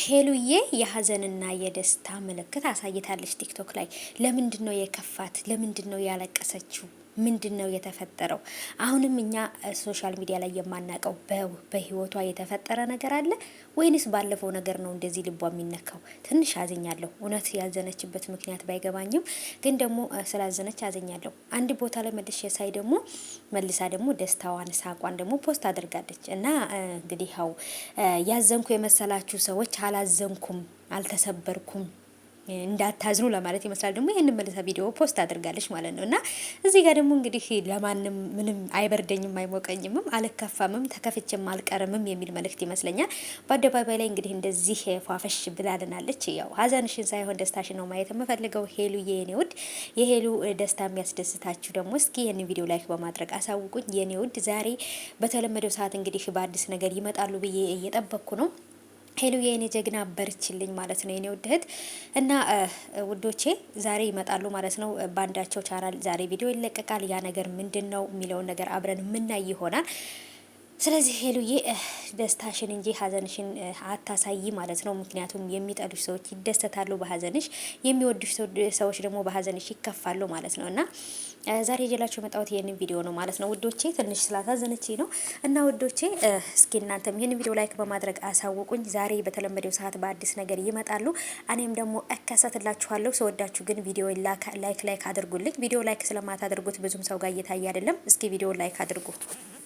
ሄሉዬ የሀዘንና የደስታ ምልክት አሳይታለች ቲክቶክ ላይ። ለምንድን ነው የከፋት? ለምንድን ነው ያለቀሰችው? ምንድን ነው የተፈጠረው? አሁንም እኛ ሶሻል ሚዲያ ላይ የማናቀው በህይወቷ የተፈጠረ ነገር አለ ወይንስ ባለፈው ነገር ነው እንደዚህ ልቧ የሚነካው? ትንሽ አዝኛለሁ። እውነት ያዘነችበት ምክንያት ባይገባኝም ግን ደግሞ ስላዘነች አዝኛለሁ። አንድ ቦታ ላይ መልሽ የሳይ ደግሞ መልሳ ደግሞ ደስታዋን ሳቋን ደግሞ ፖስት አድርጋለች እና እንግዲህ ያው ያዘንኩ የመሰላችሁ ሰዎች አላዘንኩም፣ አልተሰበርኩም እንዳታዝኑ ለማለት ይመስላል። ደግሞ ይህንን መልሳ ቪዲዮ ፖስት አድርጋለች ማለት ነው እና እዚህ ጋር ደግሞ እንግዲህ ለማንም ምንም አይበርደኝም፣ አይሞቀኝምም፣ አልከፋምም፣ ተከፍቼም አልቀርምም የሚል መልእክት ይመስለኛል። በአደባባይ ላይ እንግዲህ እንደዚህ ፏፈሽ ብላልናለች። ያው ሀዘንሽን ሳይሆን ደስታሽ ነው ማየት የምፈልገው ሄሉ የኔ ውድ። የሄሉ ደስታ የሚያስደስታችሁ ደግሞ እስኪ ይህን ቪዲዮ ላይክ በማድረግ አሳውቁኝ የኔ ውድ። ዛሬ በተለመደው ሰዓት እንግዲህ በአዲስ ነገር ይመጣሉ ብዬ እየጠበቅኩ ነው። ሄሉ የእኔ ጀግና በርችልኝ ማለት ነው የኔ ውድ እህት እና ውዶቼ ዛሬ ይመጣሉ ማለት ነው። ባንዳቸው ቻናል ዛሬ ቪዲዮ ይለቀቃል። ያ ነገር ምንድን ነው የሚለውን ነገር አብረን ምናይ ይሆናል። ስለዚህ ሄሉዬ ደስታሽን እንጂ ሀዘንሽን አታሳይ ማለት ነው። ምክንያቱም የሚጠሉሽ ሰዎች ይደሰታሉ በሀዘንሽ፣ የሚወዱሽ ሰዎች ደግሞ በሀዘንሽ ይከፋሉ ማለት ነው እና ዛሬ የጀላችሁ የመጣሁት ይህንን ቪዲዮ ነው ማለት ነው ውዶቼ። ትንሽ ስላሳዘነች ነው እና ውዶቼ፣ እስኪ እናንተም ይህን ቪዲዮ ላይክ በማድረግ አሳውቁኝ። ዛሬ በተለመደው ሰዓት በአዲስ ነገር ይመጣሉ፣ እኔም ደግሞ እከሰትላችኋለሁ። ሰወዳችሁ ግን ቪዲዮ ላይክ ላይክ አድርጉልኝ። ቪዲዮ ላይክ ስለማታደርጉት ብዙም ሰው ጋር እየታየ አይደለም። እስኪ ቪዲዮ ላይክ አድርጉ።